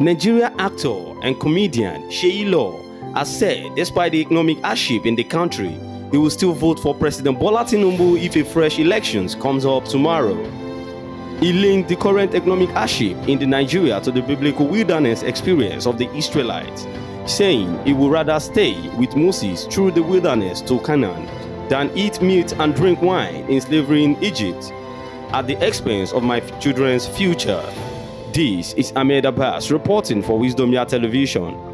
Nigeria actor and comedian Sheyi Law has said despite the economic hardship in the country, he will still vote for President Bola Tinubu if a fresh elections comes up tomorrow. He linked the current economic hardship in the Nigeria to the biblical wilderness experience of the Israelites, saying he would rather stay with Moses through the wilderness to Canaan than eat meat and drink wine in slavery in Egypt at the expense of my children's future. This is Ahmed Abbas reporting for Wisdom Television.